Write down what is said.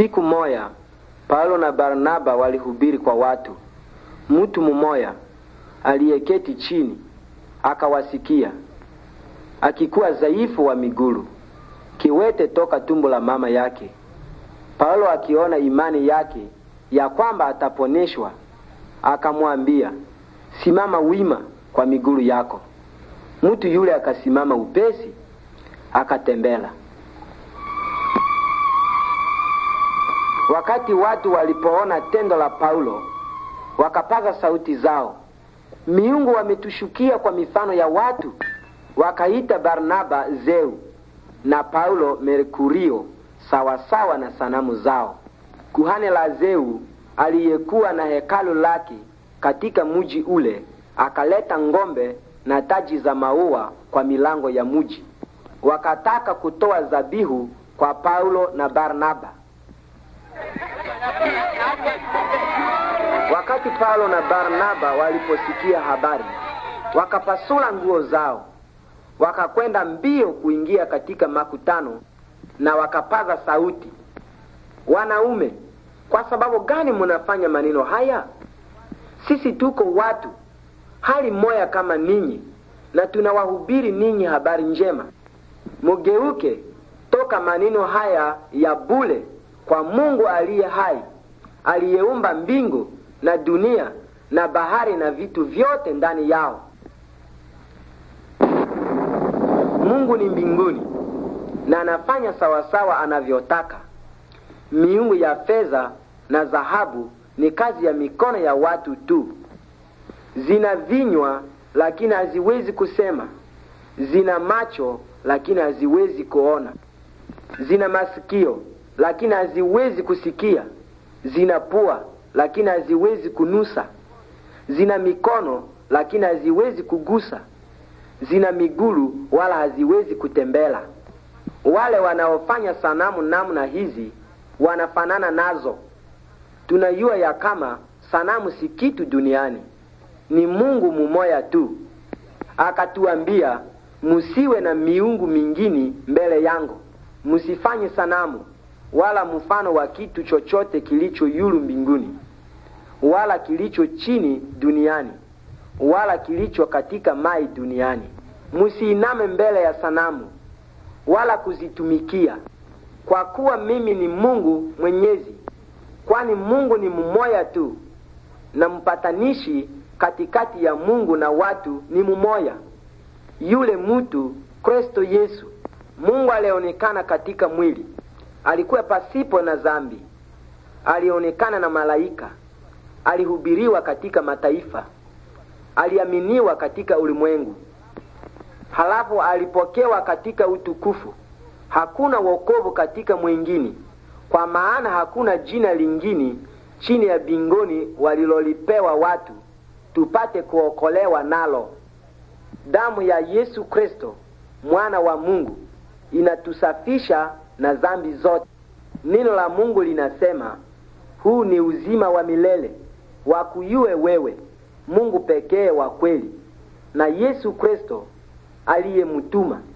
Siku moya Paulo na Barnaba walihubiri kwa watu. Mtu mmoya aliyeketi chini akawasikia, akikuwa dhaifu wa migulu, kiwete toka tumbo la mama yake. Paulo akiona imani yake ya kwamba ataponeshwa, akamwambia, simama wima kwa migulu yako. Mtu yule akasimama upesi, akatembela. Wakati watu walipoona tendo la Paulo, wakapaza sauti zao, miungu wametushukia kwa mifano ya watu. Wakaita Barnaba Zeu na Paulo Merkurio, sawasawa na sanamu zao. Kuhani la Zeu aliyekuwa na hekalu lake katika mji ule akaleta ngombe na taji za maua kwa milango ya mji. Wakataka kutoa dhabihu kwa Paulo na Barnaba. Wakati Paulo na Barnaba waliposikia habari, wakapasula nguo zao, wakakwenda mbio kuingia katika makutano na wakapaza sauti, wanaume, kwa sababu gani munafanya maneno haya? Sisi tuko watu hali moya kama ninyi, na tunawahubiri ninyi habari njema. Mugeuke toka maneno haya ya bule kwa Mungu aliye hai aliyeumba mbingu na dunia na bahari na vitu vyote ndani yao. Mungu ni mbinguni na anafanya sawasawa anavyotaka. Miungu ya fedha na dhahabu ni kazi ya mikono ya watu tu. Zina vinywa lakini haziwezi kusema, zina macho lakini haziwezi kuona, zina masikio lakini haziwezi kusikia, zina pua lakini haziwezi kunusa, zina mikono lakini haziwezi kugusa, zina migulu wala haziwezi kutembela. Wale wanaofanya sanamu namna hizi wanafanana nazo. Tunajua ya kama sanamu si kitu duniani, ni Mungu mumoya tu. Akatuambia, musiwe na miungu mingini mbele yangu, musifanye sanamu wala mfano wa kitu chochote kilicho yulu mbinguni wala kilicho chini duniani wala kilicho katika mai duniani. Msiiname mbele ya sanamu wala kuzitumikia, kwa kuwa mimi ni Mungu Mwenyezi, kwani Mungu ni mmoja tu, na mpatanishi katikati ya Mungu na watu ni mmoja, yule mtu Kristo Yesu. Mungu alionekana katika mwili alikuwa pasipo na zambi, alionekana na malaika, alihubiriwa katika mataifa, aliaminiwa katika ulimwengu, halafu alipokewa katika utukufu. Hakuna wokovu katika mwingine, kwa maana hakuna jina lingine chini ya bingoni walilolipewa watu tupate kuokolewa nalo. Damu ya Yesu Kristo mwana wa Mungu inatusafisha na dhambi zote. Neno la Mungu linasema huu ni uzima wa milele wakuyue wewe Mungu pekee wa kweli na Yesu Kristo aliyemtuma.